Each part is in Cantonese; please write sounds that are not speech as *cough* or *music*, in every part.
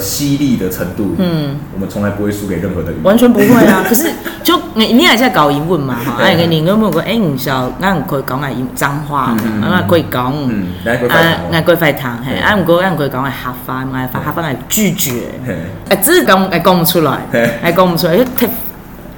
犀利的程度，嗯，我們從來不會輸給任何的，完全不會啊！ *laughs* 可是就你，你也在搞英文嘛？哈、嗯，哎，你你有沒有過？個營銷？哎，可以講係髒話，咁啊，佢講，哎、欸，貴妃騰，係，哎，佢，可以講係黑話，冇係發黑話係拒絕，哎、欸，只是講，哎，講唔出來，哎，講唔出來，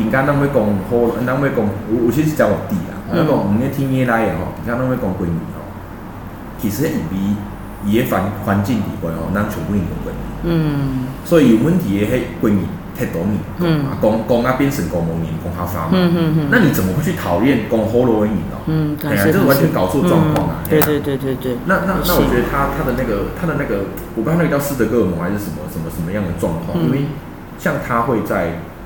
們要要要但們要人家那麼講喉，那麼講有有些是驕傲自大，那麼唔呢天外來呀吼，人家那麼講閨蜜吼，其實唔比伊個環環境嚟講吼，咱全部用閨蜜，嗯，所以有問題喺閨蜜太多面，嗯，講講啊變成講某面講哈泛嘛，嗯嗯嗯。那你怎麼會去討厭講喉嚨而已哦？嗯，哎呀，這個完全搞錯狀況啊！對對對對，對那那那我覺得他他的那個他的那個，我剛才那到叫斯德哥爾摩還是什麼什麼什麼樣的狀況？因為像他會在。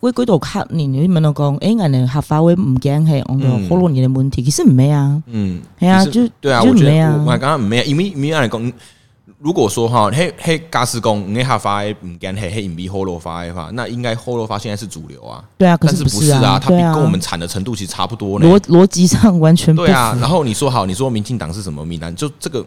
喂，佢都黑年，你問我講，誒、欸，人哋合法喂唔驚係，我講合法嘅問題其實唔咩啊，嗯，係啊，就，就對啊，就啊，我覺得唔咩、啊啊，因為因為我哋講，如果說哈，黑黑駕駛工你合法唔驚係，黑隱蔽合法嘅話，那應該合法，現在是主流啊，對啊，可是不是啊，佢、啊啊、跟我們慘的程度其實差不多，邏邏輯上完全對啊。然後你說好，你說民進黨是什麼名單？就這個。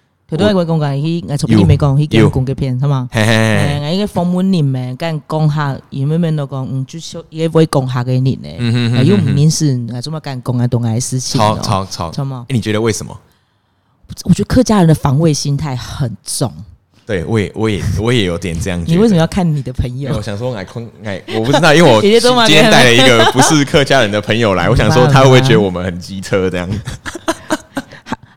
佮都係佮講講，去我從你咪講，去講佮騙，是嘛？哎、欸，佮放門臉咩？佮人講客，有咩都講，唔接受，也唔會講客嘅臉咧。嗯，嗯哼，哼，哼，哼，因為我啊，專門幹講啊，東啊事情。超超超超嘛、欸？你覺得為什麼？我覺得客家人的防衛心態很重。對，我也，我也，我也有點這樣。 *laughs* 你為什麼要看你的朋友？我想說我，我昆，我我不知道，因為我今天帶了一個不是客家人的朋友來， *laughs* 啊、我想說，他會覺得我們很機車這樣。 *laughs*